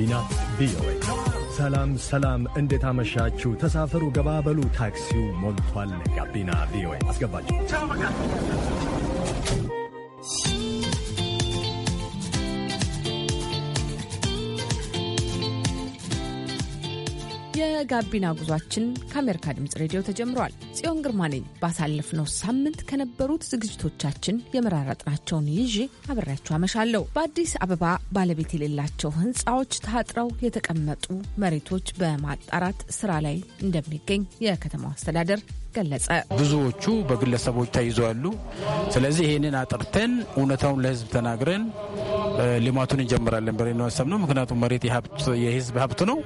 ጋቢና ቪኦኤ። ሰላም ሰላም፣ እንዴት አመሻችሁ? ተሳፈሩ፣ ገባበሉ፣ ታክሲው ሞልቷል። ጋቢና ቪኦኤ አስገባችሁ። የጋቢና ጉዟችን ከአሜሪካ ድምፅ ሬዲዮ ተጀምሯል። ጽዮን ግርማ ነኝ። ባሳለፍነው ሳምንት ከነበሩት ዝግጅቶቻችን የመራረጥናቸውን ይዤ አብሬያችሁ አመሻለሁ። በአዲስ አበባ ባለቤት የሌላቸው ህንፃዎች ታጥረው የተቀመጡ መሬቶች በማጣራት ስራ ላይ እንደሚገኝ የከተማው አስተዳደር ገለጸ። ብዙዎቹ በግለሰቦች ተይዘዋሉ። ስለዚህ ይህንን አጥርተን እውነታውን ለህዝብ ተናግረን ልማቱን እንጀምራለን ብለን ነው ምክንያቱም መሬት የህዝብ ሀብት ነው፣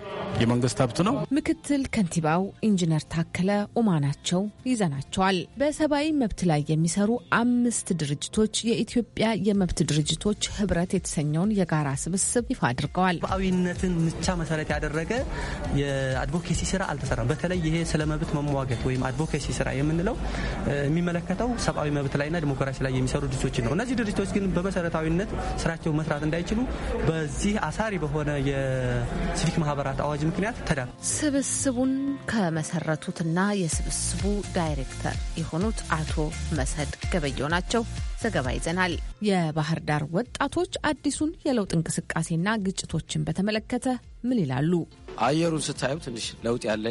የመንግስት ሀብት ነው። ምክትል ከንቲባው ኢንጂነር ታከለ ኡማ ነው ይዘናቸዋል። በሰብአዊ መብት ላይ የሚሰሩ አምስት ድርጅቶች የኢትዮጵያ የመብት ድርጅቶች ህብረት የተሰኘውን የጋራ ስብስብ ይፋ አድርገዋል። ሰብአዊነትን ብቻ መሰረት ያደረገ የአድቮኬሲ ስራ አልተሰራም። በተለይ ይሄ ስለ መብት መሟገት ወይም አድቮኬሲ ስራ የምንለው የሚመለከተው ሰብአዊ መብት ላይና ዲሞክራሲ ላይ የሚሰሩ ድርጅቶችን ነው። እነዚህ ድርጅቶች ግን በመሰረታዊነት ስራቸው መስራት እንዳይችሉ በዚህ አሳሪ በሆነ የሲቪክ ማህበራት አዋጅ ምክንያት ተዳ ስብስቡን ከመሰረቱትና የስብስቡ ክለቡ ዳይሬክተር የሆኑት አቶ መሰድ ገበየው ናቸው። ዘገባ ይዘናል። የባህር ዳር ወጣቶች አዲሱን የለውጥ እንቅስቃሴና ግጭቶችን በተመለከተ ምን ይላሉ? አየሩን ስታዩ ትንሽ ለውጥ ያለ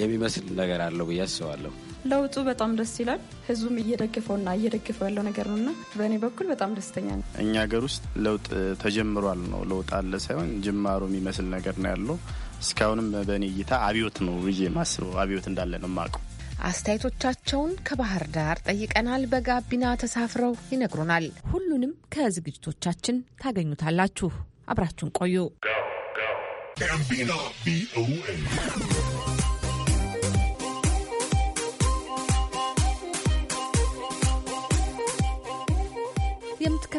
የሚመስል ነገር አለው ብዬ አስባለሁ። ለውጡ በጣም ደስ ይላል። ህዝቡም እየደገፈውና እየደገፈው ያለው ነገር ነውና በእኔ በኩል በጣም ደስተኛ ነው። እኛ ሀገር ውስጥ ለውጥ ተጀምሯል ነው ለውጥ አለ ሳይሆን ጅማሮ የሚመስል ነገር ነው ያለው። እስካሁንም በእኔ እይታ አብዮት ነው ብዬ ማስበው አብዮት እንዳለ ነው የማውቀው አስተያየቶቻቸውን ከባህር ዳር ጠይቀናል። በጋቢና ተሳፍረው ይነግሩናል። ሁሉንም ከዝግጅቶቻችን ታገኙታላችሁ። አብራችሁን ቆዩ። ጋቢና ቪኦኤ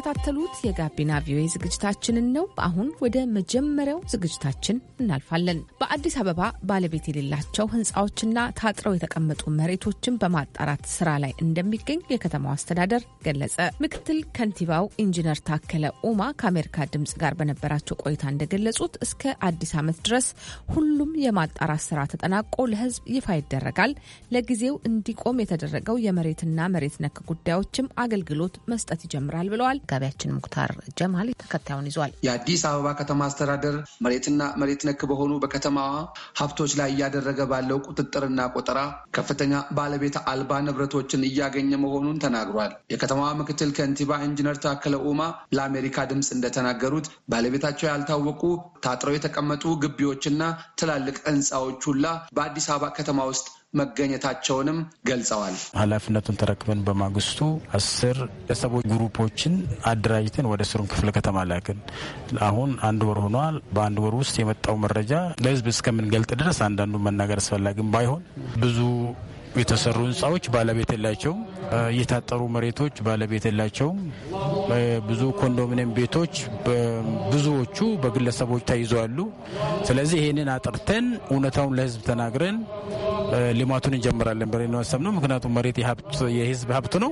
የምትከታተሉት የጋቢና ቪኤ ዝግጅታችንን ነው። አሁን ወደ መጀመሪያው ዝግጅታችን እናልፋለን። በአዲስ አበባ ባለቤት የሌላቸው ህንፃዎችና ታጥረው የተቀመጡ መሬቶችን በማጣራት ስራ ላይ እንደሚገኝ የከተማው አስተዳደር ገለጸ። ምክትል ከንቲባው ኢንጂነር ታከለ ኡማ ከአሜሪካ ድምጽ ጋር በነበራቸው ቆይታ እንደገለጹት እስከ አዲስ ዓመት ድረስ ሁሉም የማጣራት ስራ ተጠናቆ ለህዝብ ይፋ ይደረጋል። ለጊዜው እንዲቆም የተደረገው የመሬትና መሬት ነክ ጉዳዮችም አገልግሎት መስጠት ይጀምራል ብለዋል። ዘጋቢያችን ሙክታር ጀማል ተከታዩን ይዟል። የአዲስ አበባ ከተማ አስተዳደር መሬትና መሬት ነክ በሆኑ በከተማዋ ሀብቶች ላይ እያደረገ ባለው ቁጥጥርና ቆጠራ ከፍተኛ ባለቤት አልባ ንብረቶችን እያገኘ መሆኑን ተናግሯል። የከተማዋ ምክትል ከንቲባ ኢንጂነር ታከለ ኡማ ለአሜሪካ ድምፅ እንደተናገሩት ባለቤታቸው ያልታወቁ ታጥረው የተቀመጡ ግቢዎችና ትላልቅ ህንፃዎች ሁላ በአዲስ አበባ ከተማ ውስጥ መገኘታቸውንም ገልጸዋል። ኃላፊነቱን ተረክበን በማግስቱ አስር የሰቦች ግሩፖችን አደራጅተን ወደ ስሩን ክፍለ ከተማ ላክን። አሁን አንድ ወር ሆኗል። በአንድ ወር ውስጥ የመጣው መረጃ ለህዝብ እስከምንገልጥ ድረስ አንዳንዱ መናገር አስፈላጊም ባይሆን ብዙ የተሰሩ ህንፃዎች ባለቤት የላቸውም። የታጠሩ መሬቶች ባለቤት የላቸውም። ብዙ ኮንዶሚኒየም ቤቶች ብዙዎቹ በግለሰቦች ተይዘዋሉ። ስለዚህ ይህንን አጥርተን እውነታውን ለህዝብ ተናግረን ልማቱን እንጀምራለን ብለን ነው ያሰብነው። ምክንያቱም መሬት የህዝብ ሀብት ነው፣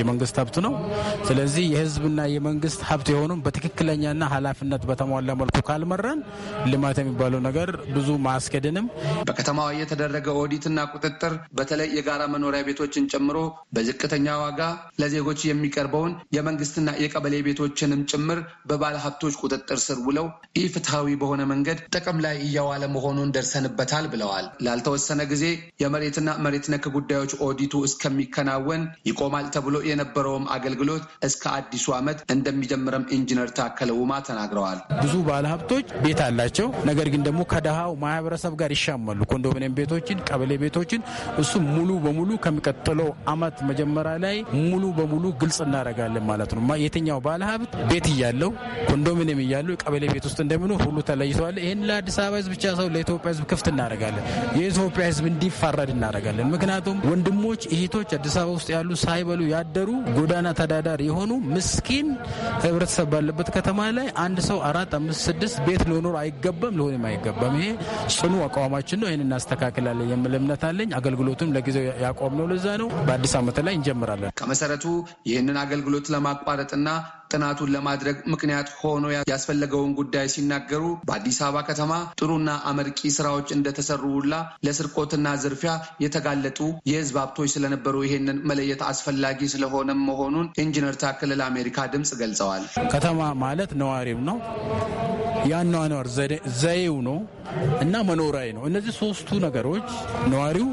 የመንግስት ሀብት ነው። ስለዚህ የህዝብና የመንግስት ሀብት የሆኑም በትክክለኛና ኃላፊነት በተሟላ መልኩ ካልመራን ልማት የሚባለው ነገር ብዙ ማስገድንም በከተማዋ የተደረገ ኦዲትና ቁጥጥር በተለይ የጋራ መኖሪያ ቤቶችን ጨምሮ በዝቅተኛ ዋጋ ለዜጎች የሚቀርበውን የመንግስትና የቀበሌ ቤቶችንም ጭምር በባለ ሀብቶች ቁጥጥር ስር ውለው ኢፍትሐዊ በሆነ መንገድ ጥቅም ላይ እያዋለ መሆኑን ደርሰንበታል ብለዋል። ላልተወሰነ ጊዜ የመሬትና መሬት ነክ ጉዳዮች ኦዲቱ እስከሚከናወን ይቆማል ተብሎ የነበረውም አገልግሎት እስከ አዲሱ ዓመት እንደሚጀምረም ኢንጂነር ታከለ ውማ ተናግረዋል። ብዙ ባለሀብቶች ቤት አላቸው። ነገር ግን ደግሞ ከደሃው ማህበረሰብ ጋር ይሻመሉ ኮንዶሚኒየም ቤቶችን፣ ቀበሌ ቤቶችን እሱ ሙሉ በሙሉ ከሚቀጥለው ዓመት መጀመሪያ ላይ ሙሉ በሙሉ ግልጽ እናደርጋለን ማለት ነው። የትኛው ባለሀብት ቤት እያለው ኮንዶሚኒየም እያለው ቀበሌ ቤት ውስጥ እንደሚኖር ሁሉ ተለይተዋል። ይህን ለአዲስ አበባ ህዝብ ብቻ ሰው ለኢትዮጵያ ህዝብ ክፍት እናደርጋለን። የኢትዮጵያ ህዝብ እንዲ እንዲፋረድ እናደርጋለን። ምክንያቱም ወንድሞች እህቶች፣ አዲስ አበባ ውስጥ ያሉ ሳይበሉ ያደሩ ጎዳና ተዳዳሪ የሆኑ ምስኪን ህብረተሰብ ባለበት ከተማ ላይ አንድ ሰው አራት፣ አምስት፣ ስድስት ቤት ሊኖር አይገባም፣ ሊሆንም አይገባም። ይሄ ጽኑ አቋማችን ነው። ይህን እናስተካክላለን የሚል እምነት አለኝ። አገልግሎቱም ለጊዜው ነው። ለዛ ነው። በአዲስ ዓመት ላይ እንጀምራለን። ከመሰረቱ ይህንን አገልግሎት ለማቋረጥና ጥናቱን ለማድረግ ምክንያት ሆኖ ያስፈለገውን ጉዳይ ሲናገሩ በአዲስ አበባ ከተማ ጥሩና አመርቂ ስራዎች እንደተሰሩ ሁላ ለስርቆትና ዝርፊያ የተጋለጡ የህዝብ ሀብቶች ስለነበሩ ይሄንን መለየት አስፈላጊ ስለሆነም መሆኑን ኢንጂነር ታክል ለአሜሪካ ድምፅ ገልጸዋል። ከተማ ማለት ነዋሪም ነው የአኗኗር ዘይው ነው እና መኖራዊ ነው። እነዚህ ሶስቱ ነገሮች ነዋሪው፣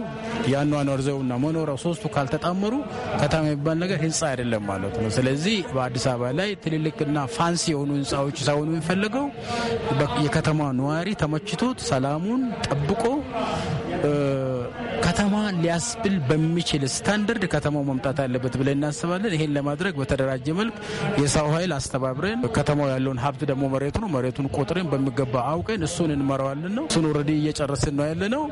የአኗኗር ዘይውና መኖሪያው ሶስቱ ካልተጣመሩ ከተማ የሚባል ነገር ህንፃ አይደለም ማለት ነው። ስለዚህ በአዲስ አበባ ላይ ላይ ትልልቅና ፋንሲ የሆኑ ህንፃዎች ሳይሆኑ የሚፈለገው የከተማ ነዋሪ ተመችቶት ሰላሙን ጠብቆ ከተማ ሊያስብል በሚችል ስታንደርድ ከተማው መምጣት አለበት ብለን እናስባለን። ይሄን ለማድረግ በተደራጀ መልክ የሰው ኃይል አስተባብረን ከተማው ያለውን ሀብት ደግሞ መሬቱ ነው። መሬቱን ቆጥረን በሚገባ አውቀን እሱን እንመራዋለን ነው። እሱን ኦልሬዲ እየጨረስን ነው ያለ ነው።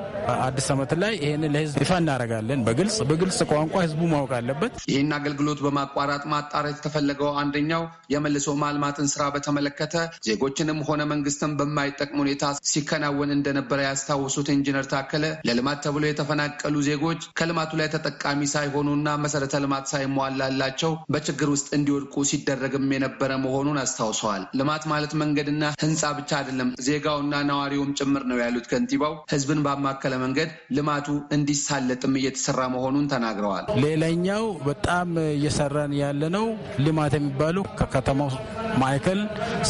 አዲስ ዓመት ላይ ይህን ለህዝብ ይፋ እናደርጋለን። በግልጽ በግልጽ ቋንቋ ህዝቡ ማወቅ አለበት። ይህን አገልግሎት በማቋረጥ ማጣራት የተፈለገው አንደኛው ሌላው የመልሶ ማልማትን ስራ በተመለከተ ዜጎችንም ሆነ መንግስትን በማይጠቅም ሁኔታ ሲከናወን እንደነበረ ያስታወሱት ኢንጂነር ታከለ ለልማት ተብሎ የተፈናቀሉ ዜጎች ከልማቱ ላይ ተጠቃሚ ሳይሆኑና መሰረተ ልማት ሳይሟላላቸው በችግር ውስጥ እንዲወድቁ ሲደረግም የነበረ መሆኑን አስታውሰዋል። ልማት ማለት መንገድና ህንፃ ብቻ አይደለም፣ ዜጋውና ነዋሪውም ጭምር ነው ያሉት ከንቲባው ህዝብን ባማከለ መንገድ ልማቱ እንዲሳለጥም እየተሰራ መሆኑን ተናግረዋል። ሌላኛው በጣም እየሰራን ያለ ነው ልማት የሚባሉ ከከተማው ማዕከል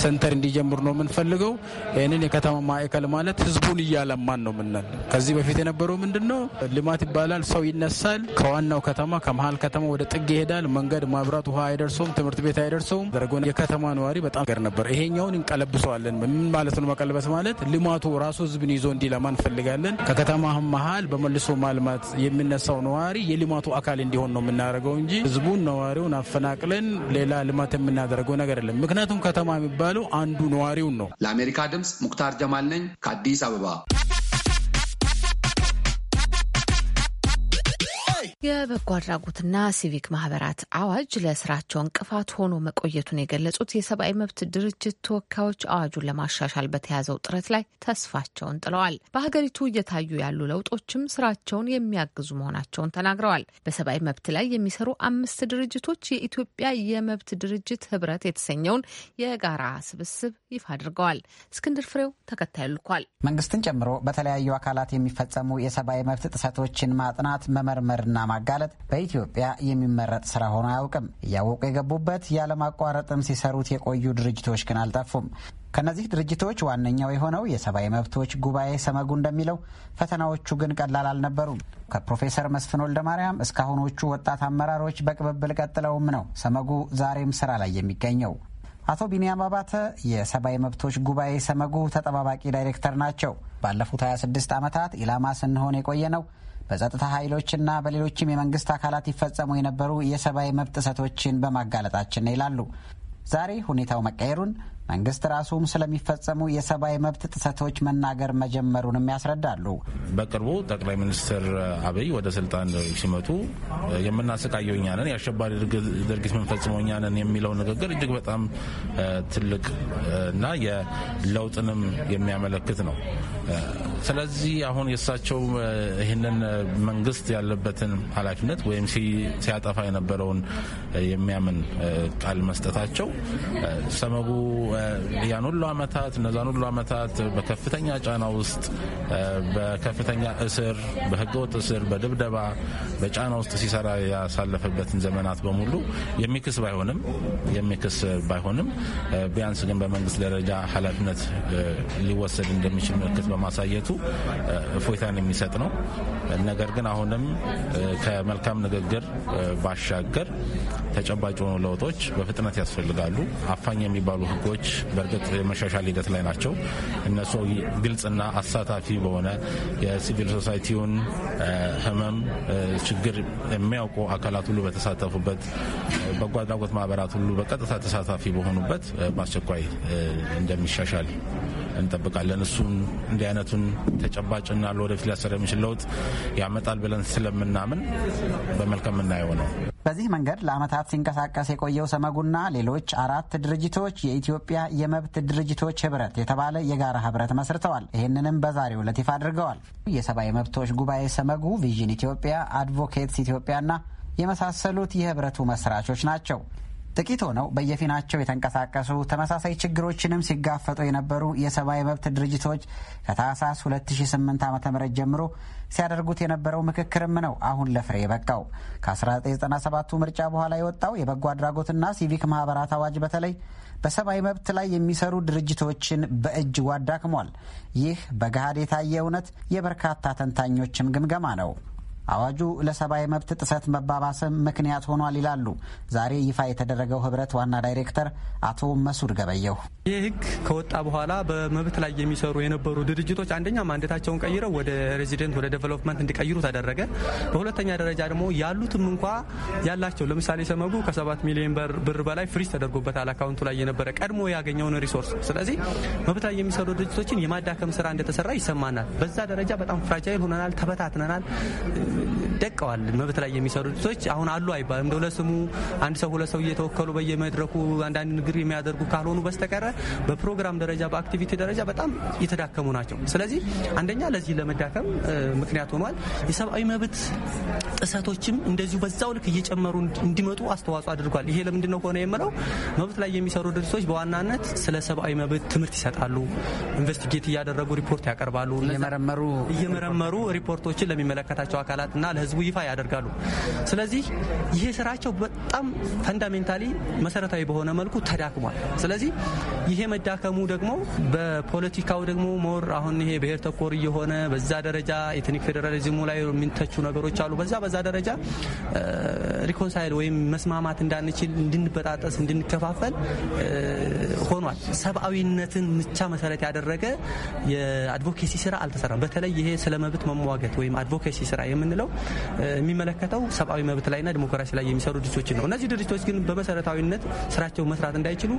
ሴንተር እንዲጀምር ነው የምንፈልገው። ይህንን የከተማ ማዕከል ማለት ህዝቡን እያለማን ነው ምናል። ከዚህ በፊት የነበረው ምንድን ነው ልማት ይባላል። ሰው ይነሳል ከዋናው ከተማ ከመሀል ከተማ ወደ ጥግ ይሄዳል። መንገድ፣ መብራት፣ ውሃ አይደርሰውም፣ ትምህርት ቤት አይደርሰውም። ደርጎን የከተማ ነዋሪ በጣም ገር ነበር። ይሄኛውን እንቀለብሰዋለን። ምን ማለት ነው መቀልበስ ማለት? ልማቱ ራሱ ህዝብን ይዞ እንዲለማ እንፈልጋለን። ከከተማ መሀል በመልሶ ማልማት የሚነሳው ነዋሪ የልማቱ አካል እንዲሆን ነው የምናደርገው እንጂ ህዝቡን ነዋሪውን አፈናቅለን ሌላ ልማት የምን የምናደርገው ነገር የለም። ምክንያቱም ከተማ የሚባለው አንዱ ነዋሪውን ነው። ለአሜሪካ ድምፅ ሙክታር ጀማል ነኝ ከአዲስ አበባ። የበጎ አድራጎትና ሲቪክ ማህበራት አዋጅ ለስራቸው እንቅፋት ሆኖ መቆየቱን የገለጹት የሰብአዊ መብት ድርጅት ተወካዮች አዋጁን ለማሻሻል በተያዘው ጥረት ላይ ተስፋቸውን ጥለዋል። በሀገሪቱ እየታዩ ያሉ ለውጦችም ስራቸውን የሚያግዙ መሆናቸውን ተናግረዋል። በሰብአዊ መብት ላይ የሚሰሩ አምስት ድርጅቶች የኢትዮጵያ የመብት ድርጅት ህብረት የተሰኘውን የጋራ ስብስብ ይፋ አድርገዋል። እስክንድር ፍሬው ተከታዩ ልኳል። መንግስትን ጨምሮ በተለያዩ አካላት የሚፈጸሙ የሰብአዊ መብት ጥሰቶችን ማጥናት መመርመርና ለማጋለጥ በኢትዮጵያ የሚመረጥ ስራ ሆኖ አያውቅም። እያወቁ የገቡበት ያለማቋረጥም ሲሰሩት የቆዩ ድርጅቶች ግን አልጠፉም። ከእነዚህ ድርጅቶች ዋነኛው የሆነው የሰብአዊ መብቶች ጉባኤ ሰመጉ እንደሚለው ፈተናዎቹ ግን ቀላል አልነበሩም። ከፕሮፌሰር መስፍን ወልደማርያም እስካሁኖቹ ወጣት አመራሮች በቅብብል ቀጥለውም ነው ሰመጉ ዛሬም ስራ ላይ የሚገኘው። አቶ ቢንያም አባተ የሰብአዊ መብቶች ጉባኤ ሰመጉ ተጠባባቂ ዳይሬክተር ናቸው። ባለፉት 26 ዓመታት ኢላማ ስንሆን የቆየ ነው በጸጥታ ኃይሎችና በሌሎችም የመንግስት አካላት ይፈጸሙ የነበሩ የሰብአዊ መብት ጥሰቶችን በማጋለጣችን ነው ይላሉ። ዛሬ ሁኔታው መቀየሩን መንግስት ራሱም ስለሚፈጸሙ የሰብአዊ መብት ጥሰቶች መናገር መጀመሩንም ያስረዳሉ። በቅርቡ ጠቅላይ ሚኒስትር አብይ ወደ ስልጣን ሲመጡ የምናሰቃየው እኛ የአሸባሪ ድርጊት ምንፈጽመው እኛንን የሚለው ንግግር እጅግ በጣም ትልቅ እና የለውጥንም የሚያመለክት ነው። ስለዚህ አሁን የእሳቸው ይህንን መንግስት ያለበትን ኃላፊነት ወይም ሲያጠፋ የነበረውን የሚያምን ቃል መስጠታቸው ሰመጉ ያን ሁሉ አመታት እነዛን ሁሉ አመታት በከፍተኛ ጫና ውስጥ በከፍተኛ እስር፣ በህገወጥ እስር፣ በድብደባ በጫና ውስጥ ሲሰራ ያሳለፈበትን ዘመናት በሙሉ የሚክስ ባይሆንም የሚክስ ባይሆንም ቢያንስ ግን በመንግስት ደረጃ ኃላፊነት ሊወሰድ እንደሚችል ምልክት በማሳየቱ እፎይታን የሚሰጥ ነው። ነገር ግን አሁንም ከመልካም ንግግር ባሻገር ተጨባጭ የሆኑ ለውጦች በፍጥነት ያስፈልጋሉ። አፋኝ የሚባሉ ህጎች በእርግጥ የመሻሻል ሂደት ላይ ናቸው። እነሱ ግልጽና አሳታፊ በሆነ የሲቪል ሶሳይቲውን ህመም፣ ችግር የሚያውቁ አካላት ሁሉ በተሳተፉበት በጎ አድራጎት ማህበራት ሁሉ በቀጥታ ተሳታፊ በሆኑበት በአስቸኳይ እንደሚሻሻል እንጠብቃለን። እሱን እንዲህ አይነቱን ተጨባጭና ለወደፊት ሊያሰር የሚችል ለውጥ ያመጣል ብለን ስለምናምን በመልካም የምናየው ነው። በዚህ መንገድ ለዓመታት ሲንቀሳቀስ የቆየው ሰመጉና ሌሎች አራት ድርጅቶች የኢትዮጵያ የመብት ድርጅቶች ህብረት የተባለ የጋራ ህብረት መስርተዋል። ይህንንም በዛሬው ዕለት ይፋ አድርገዋል። የሰብአዊ መብቶች ጉባኤ ሰመጉ፣ ቪዥን ኢትዮጵያ፣ አድቮኬትስ ኢትዮጵያና የመሳሰሉት የህብረቱ መስራቾች ናቸው። ጥቂት ሆነው በየፊናቸው የተንቀሳቀሱ ተመሳሳይ ችግሮችንም ሲጋፈጡ የነበሩ የሰብአዊ መብት ድርጅቶች ከታህሳስ 2008 ዓ ም ጀምሮ ሲያደርጉት የነበረው ምክክርም ነው አሁን ለፍሬ የበቃው። ከ1997ቱ ምርጫ በኋላ የወጣው የበጎ አድራጎትና ሲቪክ ማህበራት አዋጅ በተለይ በሰብአዊ መብት ላይ የሚሰሩ ድርጅቶችን በእጅጉ አዳክሟል። ይህ በገሃድ የታየ እውነት የበርካታ ተንታኞችም ግምገማ ነው። አዋጁ ለሰብአዊ መብት ጥሰት መባባስም ምክንያት ሆኗል ይላሉ ዛሬ ይፋ የተደረገው ህብረት ዋና ዳይሬክተር አቶ መሱድ ገበየሁ። ይህ ህግ ከወጣ በኋላ በመብት ላይ የሚሰሩ የነበሩ ድርጅቶች አንደኛ ማንዴታቸውን ቀይረው ወደ ሬዚደንት ወደ ዴቨሎፕመንት እንዲቀይሩ ተደረገ። በሁለተኛ ደረጃ ደግሞ ያሉትም እንኳ ያላቸው ለምሳሌ ሰመጉ ከሰባት ሚሊዮን ብር በላይ ፍሪዝ ተደርጎበታል አካውንቱ ላይ የነበረ ቀድሞ ያገኘውን ሪሶርስ። ስለዚህ መብት ላይ የሚሰሩ ድርጅቶችን የማዳከም ስራ እንደተሰራ ይሰማናል። በዛ ደረጃ በጣም ፍራጃይል ሆነናል፣ ተበታትነናል። Yeah. ደቀዋል። መብት ላይ የሚሰሩ ድርጅቶች አሁን አሉ አይባልም። እንደ ሁለት ስሙ አንድ ሰው ሁለት ሰው እየተወከሉ በየመድረኩ አንዳንድ ንግግር የሚያደርጉ ካልሆኑ በስተቀረ በፕሮግራም ደረጃ በአክቲቪቲ ደረጃ በጣም የተዳከሙ ናቸው። ስለዚህ አንደኛ ለዚህ ለመዳከም ምክንያት ሆኗል። የሰብአዊ መብት ጥሰቶችም እንደዚሁ በዛው ልክ እየጨመሩ እንዲመጡ አስተዋጽኦ አድርጓል። ይሄ ለምንድን ነው ከሆነ የምለው መብት ላይ የሚሰሩ ድርጅቶች በዋናነት ስለ ሰብአዊ መብት ትምህርት ይሰጣሉ፣ ኢንቨስቲጌት እያደረጉ ሪፖርት ያቀርባሉ፣ እየመረመሩ ሪፖርቶችን ለሚመለከታቸው አካላትና ለህዝቡ ይፋ ያደርጋሉ። ስለዚህ ይሄ ስራቸው በጣም ፈንዳሜንታሊ መሰረታዊ በሆነ መልኩ ተዳክሟል። ስለዚህ ይሄ መዳከሙ ደግሞ በፖለቲካው ደግሞ ሞር አሁን ይሄ ብሔር ተኮር እየሆነ በዛ ደረጃ ኤትኒክ ፌዴራሊዝሙ ላይ የሚንተቹ ነገሮች አሉ። በዛ በዛ ደረጃ ሪኮንሳይል ወይም መስማማት እንዳንችል፣ እንድንበጣጠስ፣ እንድንከፋፈል ሆኗል። ሰብአዊነትን ብቻ መሰረት ያደረገ የአድቮኬሲ ስራ አልተሰራም። በተለይ ይሄ ስለ መብት መሟገት ወይም አድቮኬሲ ስራ የምንለው የሚመለከተው ሰብአዊ መብት ላይና ዲሞክራሲ ላይ የሚሰሩ ድርጅቶችን ነው። እነዚህ ድርጅቶች ግን በመሰረታዊነት ስራቸው መስራት እንዳይችሉ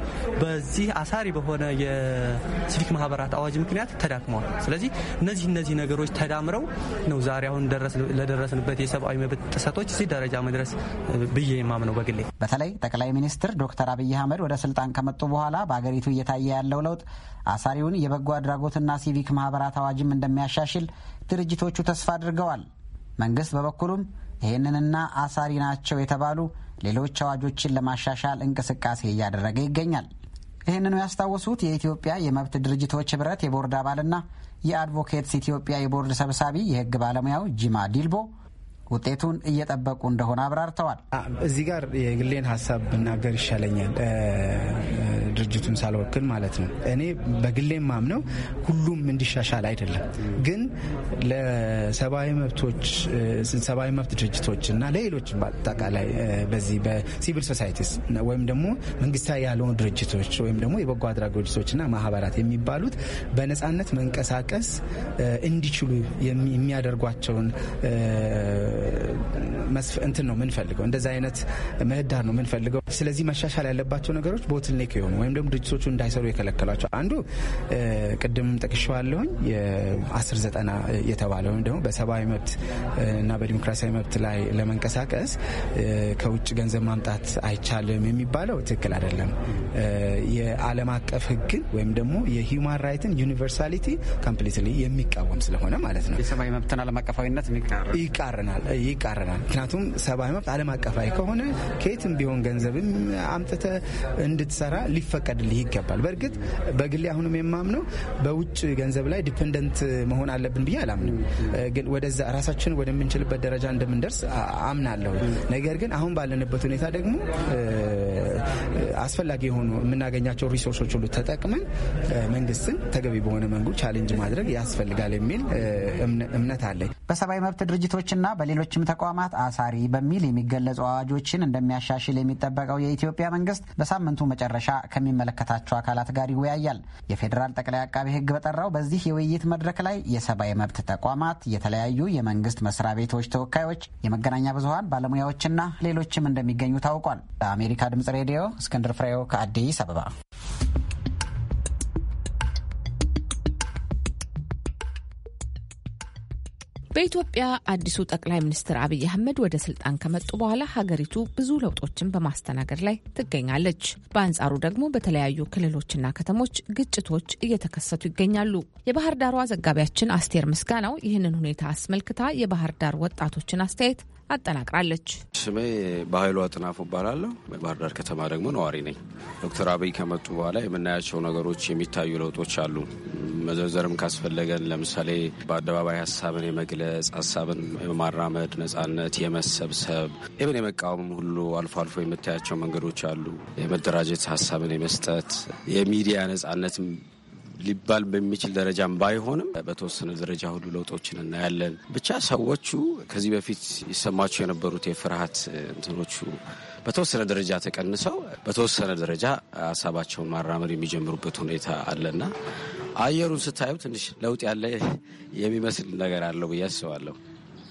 በዚህ አሳሪ በሆነ የሲቪክ ማህበራት አዋጅ ምክንያት ተዳክመዋል። ስለዚህ እነዚህ እነዚህ ነገሮች ተዳምረው ነው ዛሬ አሁን ለደረስንበት የሰብአዊ መብት ጥሰቶች እዚህ ደረጃ መድረስ ብዬ የማምነው በግሌ። በተለይ ጠቅላይ ሚኒስትር ዶክተር አብይ አህመድ ወደ ስልጣን ከመጡ በኋላ በአገሪቱ እየታየ ያለው ለውጥ አሳሪውን የበጎ አድራጎትና ሲቪክ ማህበራት አዋጅም እንደሚያሻሽል ድርጅቶቹ ተስፋ አድርገዋል። መንግስት በበኩሉም ይህንንና አሳሪ ናቸው የተባሉ ሌሎች አዋጆችን ለማሻሻል እንቅስቃሴ እያደረገ ይገኛል። ይህንኑ ያስታወሱት የኢትዮጵያ የመብት ድርጅቶች ህብረት የቦርድ አባልና የአድቮኬትስ ኢትዮጵያ የቦርድ ሰብሳቢ የህግ ባለሙያው ጂማ ዲልቦ ውጤቱን እየጠበቁ እንደሆነ አብራርተዋል። እዚህ ጋር የግሌን ሀሳብ ብናገር ይሻለኛል። ድርጅቱን ሳልወክል ማለት ነው። እኔ በግሌ ማምነው ሁሉም እንዲሻሻል አይደለም፣ ግን ለሰብአዊ መብቶች ሰብአዊ መብት ድርጅቶች እና ለሌሎች በአጠቃላይ በዚህ በሲቪል ሶሳይቲስ ወይም ደግሞ መንግስታዊ ያልሆኑ ድርጅቶች ወይም ደግሞ የበጎ አድራጎት ድርጅቶችና ማህበራት የሚባሉት በነጻነት መንቀሳቀስ እንዲችሉ የሚያደርጓቸውን እንትን ነው የምንፈልገው። እንደዚ አይነት ምህዳር ነው የምንፈልገው። ስለዚህ መሻሻል ያለባቸው ነገሮች ቦትልኔክ የሆኑ ወይም ደግሞ ድርጅቶቹ እንዳይሰሩ የከለከሏቸው አንዱ ቅድም ጠቅሸዋለሁኝ የአስር ዘጠና የተባለ ወይም ደግሞ በሰብአዊ መብት እና በዲሞክራሲያዊ መብት ላይ ለመንቀሳቀስ ከውጭ ገንዘብ ማምጣት አይቻልም የሚባለው ትክክል አይደለም። የዓለም አቀፍ ህግን ወይም ደግሞ የሂውማን ራይትን ዩኒቨርሳሊቲ ኮምፕሊትሊ የሚቃወም ስለሆነ ማለት ነው የሰብአዊ መብትን ዓለም አቀፋዊነት ይቃረናል ይቃረናል። ምክንያቱም ሰብአዊ መብት ዓለም አቀፋዊ ከሆነ ከየትም ቢሆን ገንዘብም አምጥተ እንድትሰራ ሊፈቀድልህ ይገባል። በእርግጥ በግሌ አሁንም የማምነው በውጭ ገንዘብ ላይ ዲፐንደንት መሆን አለብን ብዬ አላምንም። ግን ወደዛ ራሳችን ወደምንችልበት ደረጃ እንደምንደርስ አምናለሁ። ነገር ግን አሁን ባለንበት ሁኔታ ደግሞ አስፈላጊ የሆኑ የምናገኛቸው ሪሶርሶች ሁሉ ተጠቅመን መንግስትን ተገቢ በሆነ መንጉ ቻሌንጅ ማድረግ ያስፈልጋል የሚል እምነት አለኝ። በሰብአዊ መብት ድርጅቶችና በሌሎችም ተቋ ተቋማት አሳሪ በሚል የሚገለጹ አዋጆችን እንደሚያሻሽል የሚጠበቀው የኢትዮጵያ መንግስት በሳምንቱ መጨረሻ ከሚመለከታቸው አካላት ጋር ይወያያል። የፌዴራል ጠቅላይ አቃቤ ሕግ በጠራው በዚህ የውይይት መድረክ ላይ የሰብአዊ መብት ተቋማት፣ የተለያዩ የመንግስት መስሪያ ቤቶች ተወካዮች፣ የመገናኛ ብዙሀን ባለሙያዎችና ሌሎችም እንደሚገኙ ታውቋል። ለአሜሪካ ድምጽ ሬዲዮ እስክንድር ፍሬው ከአዲስ አበባ በኢትዮጵያ አዲሱ ጠቅላይ ሚኒስትር አብይ አህመድ ወደ ስልጣን ከመጡ በኋላ ሀገሪቱ ብዙ ለውጦችን በማስተናገድ ላይ ትገኛለች። በአንጻሩ ደግሞ በተለያዩ ክልሎችና ከተሞች ግጭቶች እየተከሰቱ ይገኛሉ። የባህር ዳሯ ዘጋቢያችን አስቴር ምስጋናው ይህንን ሁኔታ አስመልክታ የባህር ዳር ወጣቶችን አስተያየት አጠናቅራለች። ስሜ በሀይሉ አጥናፉ እባላለሁ። የባህር ዳር ከተማ ደግሞ ነዋሪ ነኝ። ዶክተር አብይ ከመጡ በኋላ የምናያቸው ነገሮች የሚታዩ ለውጦች አሉ። መዘርዘርም ካስፈለገን ለምሳሌ በአደባባይ ሀሳብን የመግለጽ ሀሳብን የማራመድ ነጻነት፣ የመሰብሰብ ይህን የመቃወም ሁሉ አልፎ አልፎ የምታያቸው መንገዶች አሉ። የመደራጀት ሀሳብን የመስጠት የሚዲያ ነጻነት ሊባል በሚችል ደረጃም ባይሆንም በተወሰነ ደረጃ ሁሉ ለውጦችን እናያለን። ብቻ ሰዎቹ ከዚህ በፊት ይሰማቸው የነበሩት የፍርሃት እንትኖቹ በተወሰነ ደረጃ ተቀንሰው በተወሰነ ደረጃ ሀሳባቸውን ማራመድ የሚጀምሩበት ሁኔታ አለና አየሩን ስታዩ ትንሽ ለውጥ ያለ የሚመስል ነገር አለው ብዬ አስባለሁ።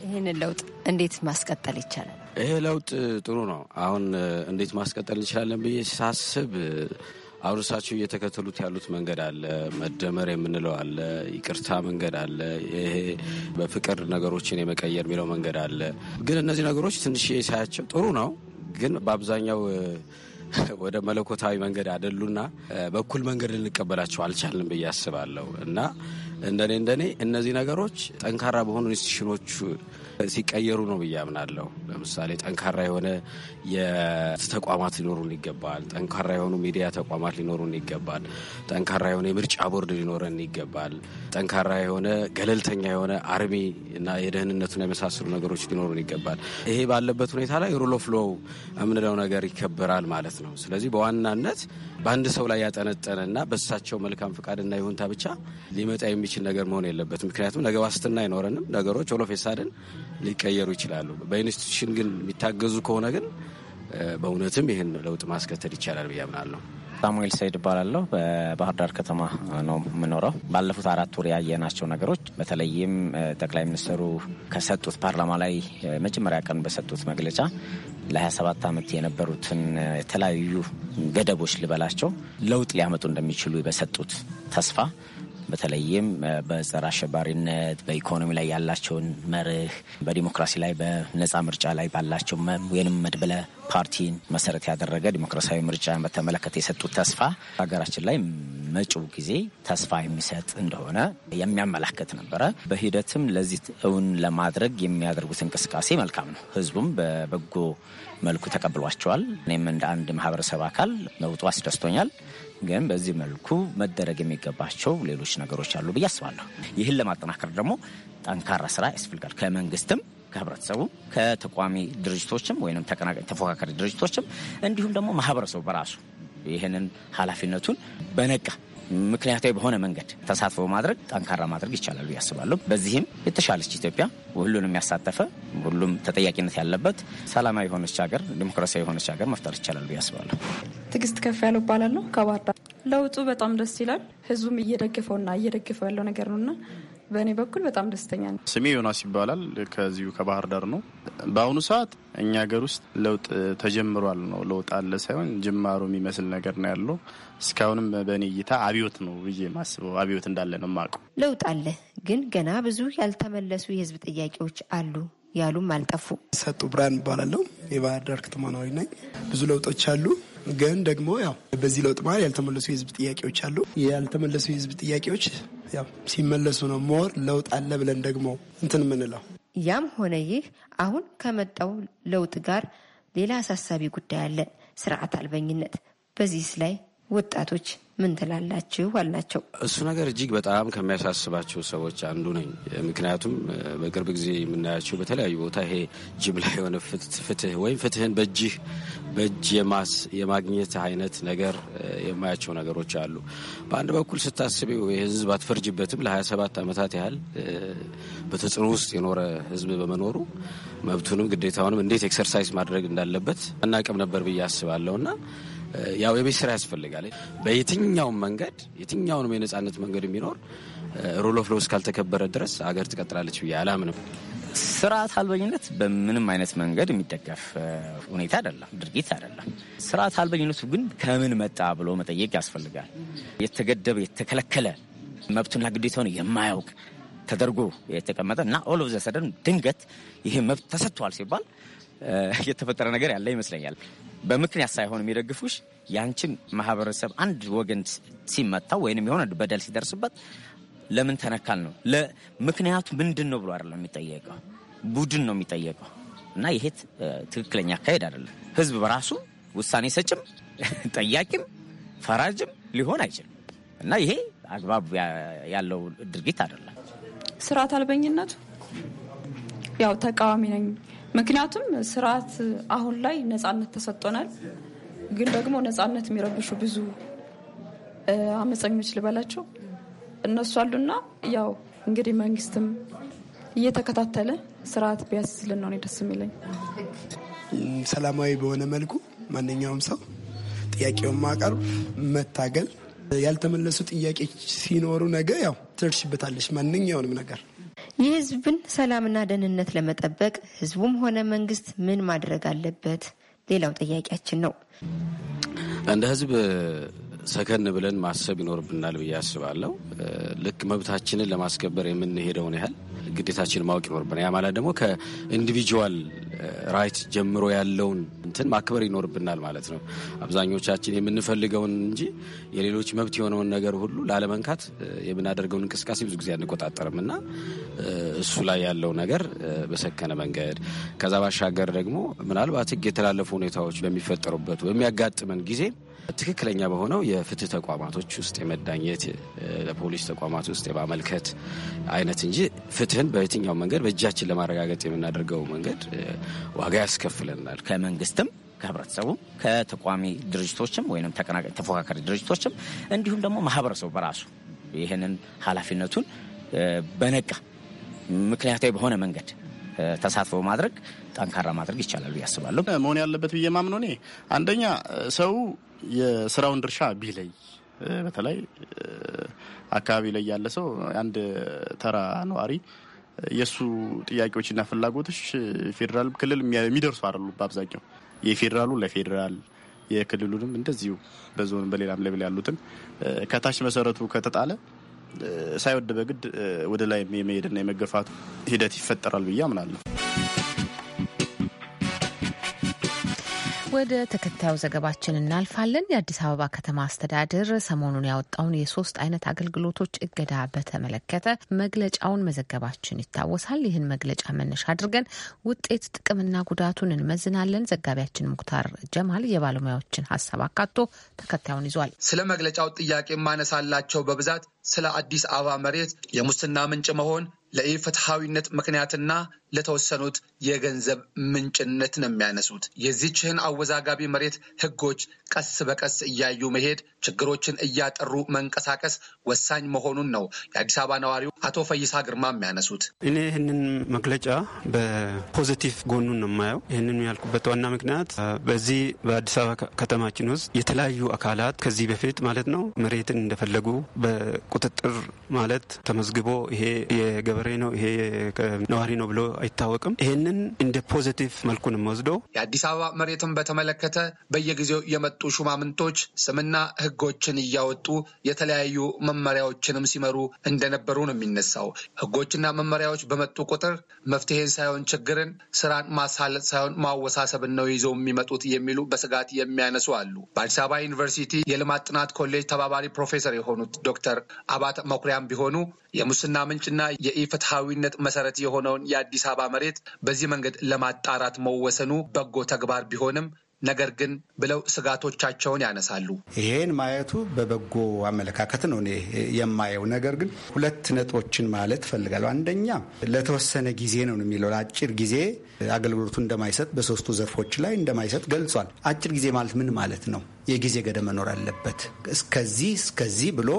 ይህንን ለውጥ እንዴት ማስቀጠል ይቻላል? ይሄ ለውጥ ጥሩ ነው። አሁን እንዴት ማስቀጠል እንችላለን ብዬ ሳስብ አውርሳችሁ እየተከተሉት ያሉት መንገድ አለ፣ መደመር የምንለው አለ፣ ይቅርታ መንገድ አለ፣ ይሄ በፍቅር ነገሮችን የመቀየር የሚለው መንገድ አለ። ግን እነዚህ ነገሮች ትንሽ ሳያቸው ጥሩ ነው፣ ግን በአብዛኛው ወደ መለኮታዊ መንገድ አደሉና በኩል መንገድ ልንቀበላቸው አልቻልንም ብዬ አስባለሁ እና እንደኔ እንደኔ እነዚህ ነገሮች ጠንካራ በሆኑ ኢንስቲቱሽኖች ሲቀየሩ ነው ብዬ አምናለሁ። ለምሳሌ ጠንካራ የሆነ የተቋማት ሊኖሩን ይገባል። ጠንካራ የሆኑ ሚዲያ ተቋማት ሊኖሩን ይገባል። ጠንካራ የሆነ የምርጫ ቦርድ ሊኖረን ይገባል። ጠንካራ የሆነ ገለልተኛ የሆነ አርሚ እና የደህንነቱን የመሳሰሉ ነገሮች ሊኖሩን ይገባል። ይሄ ባለበት ሁኔታ ላይ ሩል ኦፍ ሎው የምንለው ነገር ይከበራል ማለት ነው። ስለዚህ በዋናነት በአንድ ሰው ላይ ያጠነጠነና በእሳቸው መልካም ፍቃድና ይሁንታ ብቻ ሊመጣ የሚችል ነገር መሆን የለበትም። ምክንያቱም ነገ ዋስትና አይኖረንም። ነገሮች ኦሎፌሳድን ሊቀየሩ ይችላሉ። በኢንስቲቱሽን ግን የሚታገዙ ከሆነ ግን በእውነትም ይህን ለውጥ ማስከተል ይቻላል ብዬ አምናለሁ። ሳሙኤል ሰይድ እባላለሁ። በባህር ዳር ከተማ ነው የምኖረው። ባለፉት አራት ወር ያየናቸው ነገሮች በተለይም ጠቅላይ ሚኒስትሩ ከሰጡት ፓርላማ ላይ መጀመሪያ ቀን በሰጡት መግለጫ ለ27 ዓመት የነበሩትን የተለያዩ ገደቦች ልበላቸው ለውጥ ሊያመጡ እንደሚችሉ በሰጡት ተስፋ በተለይም በጸረ አሸባሪነት፣ በኢኮኖሚ ላይ ያላቸውን መርህ፣ በዲሞክራሲ ላይ በነጻ ምርጫ ላይ ባላቸው ወይንም መድብለ ፓርቲን መሰረት ያደረገ ዲሞክራሲያዊ ምርጫ በተመለከተ የሰጡት ተስፋ ሀገራችን ላይ መጪው ጊዜ ተስፋ የሚሰጥ እንደሆነ የሚያመላክት ነበረ። በሂደትም ለዚህ እውን ለማድረግ የሚያደርጉት እንቅስቃሴ መልካም ነው። ህዝቡም በበጎ መልኩ ተቀብሏቸዋል። እኔም እንደ አንድ ማህበረሰብ አካል ለውጡ አስደስቶኛል። ግን በዚህ መልኩ መደረግ የሚገባቸው ሌሎች ነገሮች አሉ ብዬ አስባለሁ። ይህን ለማጠናከር ደግሞ ጠንካራ ስራ ያስፈልጋል ከመንግስትም ከህብረተሰቡ ከተቋሚ ድርጅቶችም ወይም ተፎካካሪ ድርጅቶችም እንዲሁም ደግሞ ማህበረሰቡ በራሱ ይህንን ኃላፊነቱን በነቃ ምክንያታዊ በሆነ መንገድ ተሳትፎ ማድረግ ጠንካራ ማድረግ ይቻላል ያስባሉ። አስባለሁ። በዚህም የተሻለች ኢትዮጵያ ሁሉንም ያሳተፈ ሁሉም ተጠያቂነት ያለበት ሰላማዊ የሆነች ሀገር፣ ዲሞክራሲያዊ የሆነች ሀገር መፍጠር ይቻላሉ ያስባሉ። ትግስት ትዕግስት ከፍ ያለው ይባላለሁ። ከባህር ዳር። ለውጡ በጣም ደስ ይላል። ህዝቡም እየደገፈውና እየደገፈው ያለው ነገር ነውና በእኔ በኩል በጣም ደስተኛ ነው። ስሜ ዮናስ ይባላል። ከዚሁ ከባህር ዳር ነው። በአሁኑ ሰዓት እኛ ሀገር ውስጥ ለውጥ ተጀምሯል ነው ለውጥ አለ ሳይሆን ጅማሮ የሚመስል ነገር ነው ያለው። እስካሁንም በእኔ እይታ አብዮት ነው ብዬ ማስበው አብዮት እንዳለ ነው የማውቀው። ለውጥ አለ ግን ገና ብዙ ያልተመለሱ የህዝብ ጥያቄዎች አሉ ያሉም አልጠፉ። ሰጡ ብርሃን እባላለሁ። የባህር ዳር ከተማ ነዋሪ ነኝ። ብዙ ለውጦች አሉ ግን ደግሞ ያው በዚህ ለውጥ መሀል ያልተመለሱ የህዝብ ጥያቄዎች አሉ። ያልተመለሱ የህዝብ ጥያቄዎች ያው ሲመለሱ ነው ሞር ለውጥ አለ ብለን ደግሞ እንትን የምንለው። ያም ሆነ ይህ አሁን ከመጣው ለውጥ ጋር ሌላ አሳሳቢ ጉዳይ አለ፣ ስርዓት አልበኝነት። በዚህስ ላይ ወጣቶች ምን ትላላችሁ? አላቸው። እሱ ነገር እጅግ በጣም ከሚያሳስባቸው ሰዎች አንዱ ነኝ። ምክንያቱም በቅርብ ጊዜ የምናያቸው በተለያዩ ቦታ ይሄ ጅምላ የሆነ ፍትህ ወይም ፍትህን በእጅህ በእጅ የማግኘት አይነት ነገር የማያቸው ነገሮች አሉ። በአንድ በኩል ስታስበው የህዝብ አትፈርጅበትም። ለ27 ዓመታት ያህል በተጽዕኖ ውስጥ የኖረ ህዝብ በመኖሩ መብቱንም ግዴታውንም እንዴት ኤክሰርሳይዝ ማድረግ እንዳለበት አናቅም ነበር ብዬ አስባለሁ እና ያው የቤት ስራ ያስፈልጋል። በየትኛውም መንገድ የትኛውንም የነጻነት መንገድ የሚኖር ሩል ኦፍ ሎው እስካልተከበረ ድረስ አገር ትቀጥላለች ብዬ አላምንም። ስርዓት አልበኝነት በምንም አይነት መንገድ የሚደገፍ ሁኔታ አይደለም፣ ድርጊት አይደለም። ስርዓት አልበኝነቱ ግን ከምን መጣ ብሎ መጠየቅ ያስፈልጋል። የተገደበ የተከለከለ መብቱና ግዴታውን የማያውቅ ተደርጎ የተቀመጠ እና ኦል ኦፍ ዘ ሰደን ድንገት ይሄ መብት ተሰጥቷል ሲባል የተፈጠረ ነገር ያለ ይመስለኛል። በምክንያት ሳይሆን የሚደግፉሽ ያንቺን ማህበረሰብ አንድ ወገን ሲመታው ወይንም የሆነ በደል ሲደርስበት ለምን ተነካል ነው ምክንያቱ ምንድን ነው ብሎ አይደለም የሚጠየቀው፣ ቡድን ነው የሚጠየቀው። እና ይሄ ትክክለኛ አካሄድ አይደለም። ህዝብ በራሱ ውሳኔ ሰጭም ጠያቂም ፈራጅም ሊሆን አይችልም። እና ይሄ አግባብ ያለው ድርጊት አይደለም። ስርዓት አልበኝነቱ ያው ተቃዋሚ ነኝ ምክንያቱም ስርዓት አሁን ላይ ነጻነት ተሰጥቶናል፣ ግን ደግሞ ነጻነት የሚረብሹ ብዙ አመፀኞች ልበላቸው እነሱ አሉና ያው እንግዲህ መንግስትም እየተከታተለ ስርዓት ቢያስልን ነው ደስ የሚለኝ። ሰላማዊ በሆነ መልኩ ማንኛውም ሰው ጥያቄውን ማቀርብ መታገል ያልተመለሱ ጥያቄ ሲኖሩ ነገ ያው ትደርሽበታለች ማንኛውንም ነገር የህዝብን ሰላምና ደህንነት ለመጠበቅ ህዝቡም ሆነ መንግስት ምን ማድረግ አለበት? ሌላው ጥያቄያችን ነው። እንደ ህዝብ ሰከን ብለን ማሰብ ይኖርብናል ብዬ አስባለሁ። ልክ መብታችንን ለማስከበር የምንሄደውን ያህል ግዴታችን ማወቅ ይኖርብን። ያ ማለት ደግሞ ከኢንዲቪጁዋል ራይት ጀምሮ ያለውን እንትን ማክበር ይኖርብናል ማለት ነው። አብዛኞቻችን የምንፈልገውን እንጂ የሌሎች መብት የሆነውን ነገር ሁሉ ላለመንካት የምናደርገውን እንቅስቃሴ ብዙ ጊዜ አንቆጣጠርም እና እሱ ላይ ያለው ነገር በሰከነ መንገድ ከዛ ባሻገር ደግሞ ምናልባት ህግ የተላለፉ ሁኔታዎች በሚፈጠሩበት በሚያጋጥመን ጊዜ ትክክለኛ በሆነው የፍትህ ተቋማቶች ውስጥ የመዳኘት ለፖሊስ ተቋማት ውስጥ የማመልከት አይነት እንጂ ፍትህን በየትኛው መንገድ በእጃችን ለማረጋገጥ የምናደርገው መንገድ ዋጋ ያስከፍለናል። ከመንግስትም ከህብረተሰቡ ከተቋሚ ድርጅቶችም ወይም ተፎካካሪ ድርጅቶችም እንዲሁም ደግሞ ማህበረሰቡ በራሱ ይህንን ኃላፊነቱን በነቃ ምክንያታዊ በሆነ መንገድ ተሳትፎ ማድረግ ጠንካራ ማድረግ ይቻላል ብዬ አስባለሁ። መሆን ያለበት ብዬ ማምነው እኔ አንደኛ ሰው የስራውን ድርሻ ቢለይ በተለይ አካባቢ ላይ ያለ ሰው አንድ ተራ ነዋሪ የእሱ ጥያቄዎችና ፍላጎቶች ፌዴራል ክልል የሚደርሱ አሉ በአብዛኛው የፌዴራሉ ለፌዴራል የክልሉንም እንደዚሁ በዞን በሌላም ሌብል ያሉትን ከታች መሰረቱ ከተጣለ ሳይወድ በግድ ወደ ላይ የመሄድና የመገፋት ሂደት ይፈጠራል ብዬ አምናለሁ። ወደ ተከታዩ ዘገባችን እናልፋለን። የአዲስ አበባ ከተማ አስተዳደር ሰሞኑን ያወጣውን የሶስት አይነት አገልግሎቶች እገዳ በተመለከተ መግለጫውን መዘገባችን ይታወሳል። ይህን መግለጫ መነሻ አድርገን ውጤት፣ ጥቅምና ጉዳቱን እንመዝናለን። ዘጋቢያችን ሙክታር ጀማል የባለሙያዎችን ሀሳብ አካቶ ተከታዩን ይዟል። ስለ መግለጫው ጥያቄ ማነሳላቸው በብዛት ስለ አዲስ አበባ መሬት የሙስና ምንጭ መሆን ለኢፍትሐዊነት ምክንያትና ለተወሰኑት የገንዘብ ምንጭነት ነው የሚያነሱት። የዚችህን አወዛጋቢ መሬት ህጎች ቀስ በቀስ እያዩ መሄድ፣ ችግሮችን እያጠሩ መንቀሳቀስ ወሳኝ መሆኑን ነው የአዲስ አበባ ነዋሪው አቶ ፈይሳ ግርማ የሚያነሱት። እኔ ይህንን መግለጫ በፖዚቲቭ ጎኑን ነው የማየው። ይህንን ያልኩበት ዋና ምክንያት በዚህ በአዲስ አበባ ከተማችን ውስጥ የተለያዩ አካላት ከዚህ በፊት ማለት ነው መሬትን እንደፈለጉ በቁጥጥር ማለት ተመዝግቦ ይሄ የገበሬ ነው ይሄ ነዋሪ ነው ብሎ አይታወቅም። ይህንን እንደ ፖዘቲቭ መልኩን ነው የአዲስ አበባ መሬትን በተመለከተ በየጊዜው የመጡ ሹማምንቶች ስምና ህጎችን እያወጡ የተለያዩ መመሪያዎችንም ሲመሩ እንደነበሩ ነው የሚነሳው። ህጎችና መመሪያዎች በመጡ ቁጥር መፍትሄን ሳይሆን ችግርን፣ ስራን ማሳለጥ ሳይሆን ማወሳሰብን ነው ይዘው የሚመጡት የሚሉ በስጋት የሚያነሱ አሉ። በአዲስ አበባ ዩኒቨርሲቲ የልማት ጥናት ኮሌጅ ተባባሪ ፕሮፌሰር የሆኑት ዶክተር አባተ መኩሪያም ቢሆኑ የሙስና ምንጭና የኢፍትሐዊነት መሰረት የሆነውን የአዲስ የአዲስ አበባ መሬት በዚህ መንገድ ለማጣራት መወሰኑ በጎ ተግባር ቢሆንም ነገር ግን ብለው ስጋቶቻቸውን ያነሳሉ። ይሄን ማየቱ በበጎ አመለካከት ነው እኔ የማየው። ነገር ግን ሁለት ነጥቦችን ማለት ፈልጋለሁ። አንደኛ ለተወሰነ ጊዜ ነው የሚለው ለአጭር ጊዜ አገልግሎቱ እንደማይሰጥ በሶስቱ ዘርፎች ላይ እንደማይሰጥ ገልጿል። አጭር ጊዜ ማለት ምን ማለት ነው? የጊዜ ገደብ መኖር አለበት። እስከዚህ እስከዚህ ብሎ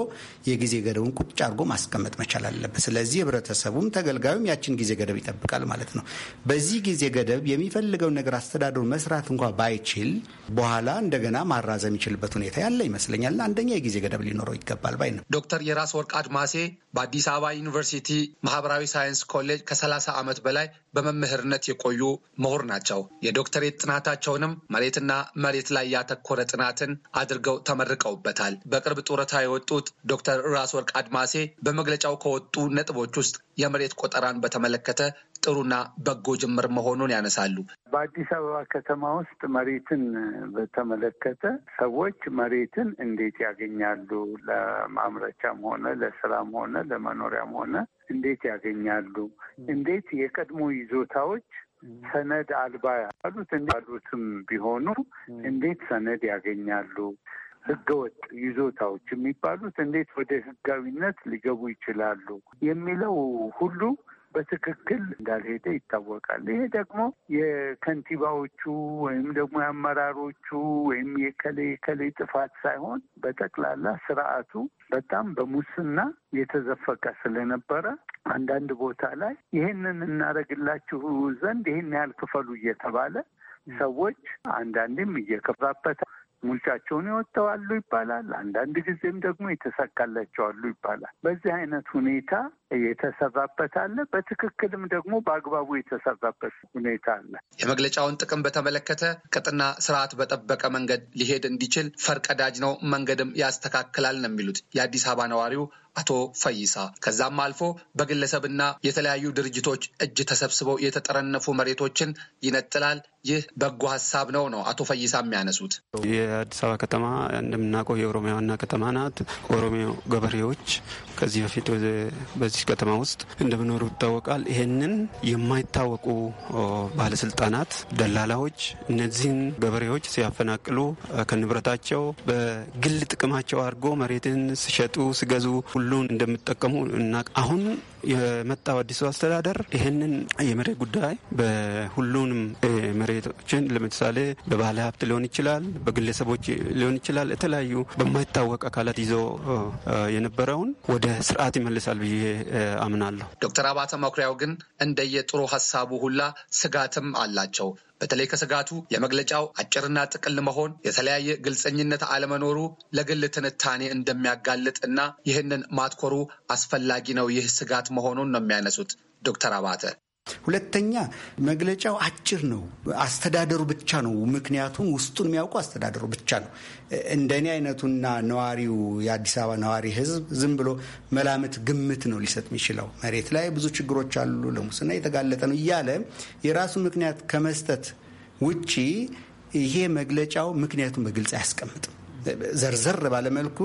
የጊዜ ገደቡን ቁጭ አድርጎ ማስቀመጥ መቻል አለበት። ስለዚህ ህብረተሰቡም ተገልጋዩም ያችን ጊዜ ገደብ ይጠብቃል ማለት ነው። በዚህ ጊዜ ገደብ የሚፈልገውን ነገር አስተዳደሩ መስራት እንኳ ባይችል በኋላ እንደገና ማራዘም የሚችልበት ሁኔታ ያለ ይመስለኛል። አንደኛ የጊዜ ገደብ ሊኖረው ይገባል ባይ ነው። ዶክተር የራስ ወርቅ አድማሴ በአዲስ አበባ ዩኒቨርሲቲ ማህበራዊ ሳይንስ ኮሌጅ ከ30 ዓመት በላይ በመምህርነት የቆዩ ምሁር ናቸው። የዶክተሬት ጥናታቸውንም መሬትና መሬት ላይ ያተኮረ ጥናት ጥናትን አድርገው ተመርቀውበታል። በቅርብ ጡረታ የወጡት ዶክተር ራስ ወርቅ አድማሴ በመግለጫው ከወጡ ነጥቦች ውስጥ የመሬት ቆጠራን በተመለከተ ጥሩና በጎ ጅምር መሆኑን ያነሳሉ። በአዲስ አበባ ከተማ ውስጥ መሬትን በተመለከተ ሰዎች መሬትን እንዴት ያገኛሉ? ለማምረቻም ሆነ ለስራም ሆነ ለመኖሪያም ሆነ እንዴት ያገኛሉ? እንዴት የቀድሞ ይዞታዎች ሰነድ አልባ ያሉት እንዲ ያሉትም ቢሆኑ እንዴት ሰነድ ያገኛሉ? ህገወጥ ይዞታዎች የሚባሉት እንዴት ወደ ህጋዊነት ሊገቡ ይችላሉ? የሚለው ሁሉ በትክክል እንዳልሄደ ይታወቃል። ይሄ ደግሞ የከንቲባዎቹ ወይም ደግሞ የአመራሮቹ ወይም የከሌ የከሌ ጥፋት ሳይሆን በጠቅላላ ስርዓቱ በጣም በሙስና የተዘፈቀ ስለነበረ አንዳንድ ቦታ ላይ ይህንን እናደርግላችሁ ዘንድ ይህን ያህል ክፈሉ እየተባለ ሰዎች አንዳንድም እየከፋበት ሙልቻቸውን ይወጥተዋሉ ይባላል። አንዳንድ ጊዜም ደግሞ የተሰካላቸዋሉ ይባላል። በዚህ አይነት ሁኔታ እየተሰራበት አለ። በትክክልም ደግሞ በአግባቡ የተሰራበት ሁኔታ አለ። የመግለጫውን ጥቅም በተመለከተ ቅጥና ስርዓት በጠበቀ መንገድ ሊሄድ እንዲችል ፈርቀዳጅ ነው፣ መንገድም ያስተካክላል ነው የሚሉት የአዲስ አበባ ነዋሪው አቶ ፈይሳ ከዛም አልፎ በግለሰብና የተለያዩ ድርጅቶች እጅ ተሰብስበው የተጠረነፉ መሬቶችን ይነጥላል። ይህ በጎ ሀሳብ ነው ነው አቶ ፈይሳ የሚያነሱት። የአዲስ አበባ ከተማ እንደምናውቀው የኦሮሚያ ዋና ከተማ ናት። ኦሮሚያ ገበሬዎች ከዚህ በፊት በዚች ከተማ ውስጥ እንደምኖሩ ይታወቃል። ይህንን የማይታወቁ ባለስልጣናት፣ ደላላዎች እነዚህን ገበሬዎች ሲያፈናቅሉ ከንብረታቸው በግል ጥቅማቸው አድርጎ መሬትን ሲሸጡ ሲገዙ ሁሉን እንደሚጠቀሙ እና አሁን የመጣው አዲሱ አስተዳደር ይህንን የመሬት ጉዳይ በሁሉንም መሬቶችን ለምሳሌ በባለ ሀብት ሊሆን ይችላል፣ በግለሰቦች ሊሆን ይችላል፣ የተለያዩ በማይታወቅ አካላት ይዞ የነበረውን ወደ ስርዓት ይመልሳል ብዬ አምናለሁ። ዶክተር አባተ መኩሪያው ግን እንደየጥሩ ሀሳቡ ሁላ ስጋትም አላቸው። በተለይ ከስጋቱ የመግለጫው አጭርና ጥቅል መሆን፣ የተለያየ ግልጸኝነት አለመኖሩ ለግል ትንታኔ እንደሚያጋልጥ እና ይህንን ማትኮሩ አስፈላጊ ነው ይህ ስጋት መሆኑን ነው የሚያነሱት ዶክተር አባተ ሁለተኛ መግለጫው አጭር ነው። አስተዳደሩ ብቻ ነው ምክንያቱም ውስጡን የሚያውቁ አስተዳደሩ ብቻ ነው። እንደኔ አይነቱና ነዋሪው የአዲስ አበባ ነዋሪ ህዝብ ዝም ብሎ መላምት፣ ግምት ነው ሊሰጥ የሚችለው። መሬት ላይ ብዙ ችግሮች አሉ፣ ለሙስና የተጋለጠ ነው እያለ የራሱ ምክንያት ከመስጠት ውጪ ይሄ መግለጫው ምክንያቱን በግልጽ አያስቀምጥም። ዘርዘር ባለመልኩ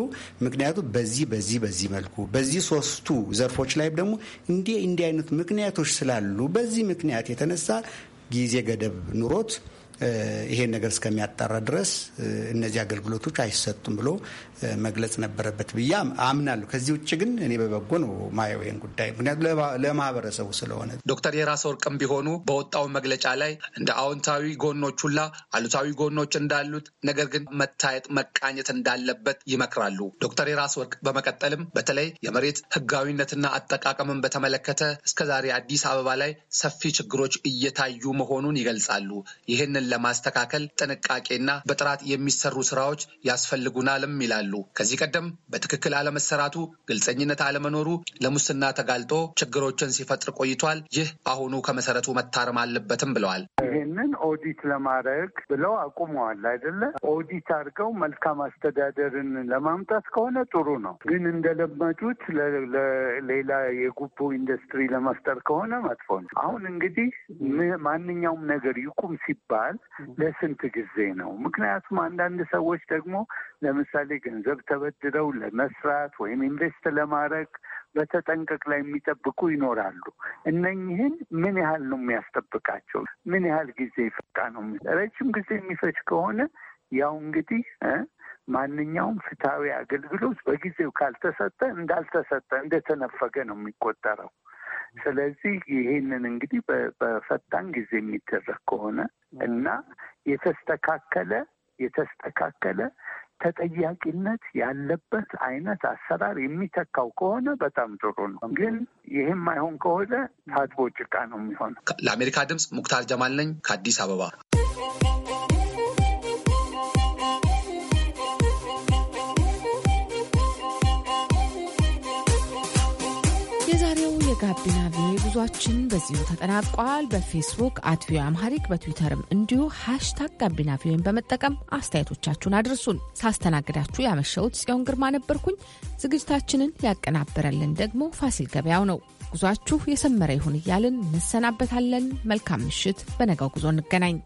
ምክንያቱም በዚህ በዚህ በዚህ መልኩ በዚህ ሶስቱ ዘርፎች ላይ ደግሞ እንዲህ እንዲህ አይነት ምክንያቶች ስላሉ በዚህ ምክንያት የተነሳ ጊዜ ገደብ ኑሮት ይሄን ነገር እስከሚያጣራ ድረስ እነዚህ አገልግሎቶች አይሰጡም ብሎ መግለጽ ነበረበት ብዬ አምናለሁ። ከዚህ ውጭ ግን እኔ በበጎ ነው ማየው ይህን ጉዳይ ምክንያቱ ለማህበረሰቡ ስለሆነ። ዶክተር የራስ ወርቅም ቢሆኑ በወጣው መግለጫ ላይ እንደ አዎንታዊ ጎኖች ሁላ አሉታዊ ጎኖች እንዳሉት ነገር ግን መታየት መቃኘት እንዳለበት ይመክራሉ። ዶክተር የራስ ወርቅ በመቀጠልም በተለይ የመሬት ህጋዊነትና አጠቃቀምን በተመለከተ እስከዛሬ አዲስ አበባ ላይ ሰፊ ችግሮች እየታዩ መሆኑን ይገልጻሉ። ይህንን ለማስተካከል ጥንቃቄና በጥራት የሚሰሩ ስራዎች ያስፈልጉናልም ይላሉ። ከዚህ ቀደም በትክክል አለመሰራቱ፣ ግልጸኝነት አለመኖሩ ለሙስና ተጋልጦ ችግሮችን ሲፈጥር ቆይቷል። ይህ አሁኑ ከመሰረቱ መታረም አለበትም ብለዋል። ይህንን ኦዲት ለማድረግ ብለው አቁመዋል አይደለ? ኦዲት አድርገው መልካም አስተዳደርን ለማምጣት ከሆነ ጥሩ ነው። ግን እንደለመዱት ሌላ የጉቦ ኢንዱስትሪ ለመፍጠር ከሆነ መጥፎ ነው። አሁን እንግዲህ ማንኛውም ነገር ይቁም ሲባል ለስንት ጊዜ ነው? ምክንያቱም አንዳንድ ሰዎች ደግሞ ለምሳሌ ገንዘብ ተበድረው ለመስራት ወይም ኢንቨስት ለማድረግ በተጠንቀቅ ላይ የሚጠብቁ ይኖራሉ። እነኝህን ምን ያህል ነው የሚያስጠብቃቸው? ምን ያህል ጊዜ ይፈቃ ነው? ረጅም ጊዜ የሚፈጅ ከሆነ ያው እንግዲህ ማንኛውም ፍትሐዊ አገልግሎት በጊዜው ካልተሰጠ እንዳልተሰጠ እንደተነፈገ ነው የሚቆጠረው። ስለዚህ ይህንን እንግዲህ በፈጣን ጊዜ የሚደረግ ከሆነ እና የተስተካከለ የተስተካከለ ተጠያቂነት ያለበት አይነት አሰራር የሚተካው ከሆነ በጣም ጥሩ ነው። ግን ይህም አይሆን ከሆነ ታጥቦ ጭቃ ነው የሚሆነው። ለአሜሪካ ድምፅ ሙክታር ጀማል ነኝ ከአዲስ አበባ። የጋቢና ቪኦኤ ጉዟችን በዚሁ ተጠናቋል። በፌስቡክ አት ቪኦኤ አምሃሪክ በትዊተርም እንዲሁ ሃሽታግ ጋቢና ቪኦኤን በመጠቀም አስተያየቶቻችሁን አድርሱን። ሳስተናግዳችሁ ያመሸሁት ጽዮን ግርማ ነበርኩኝ። ዝግጅታችንን ያቀናበረልን ደግሞ ፋሲል ገበያው ነው። ጉዟችሁ የሰመረ ይሁን እያልን እንሰናበታለን። መልካም ምሽት። በነጋው ጉዞ እንገናኝ።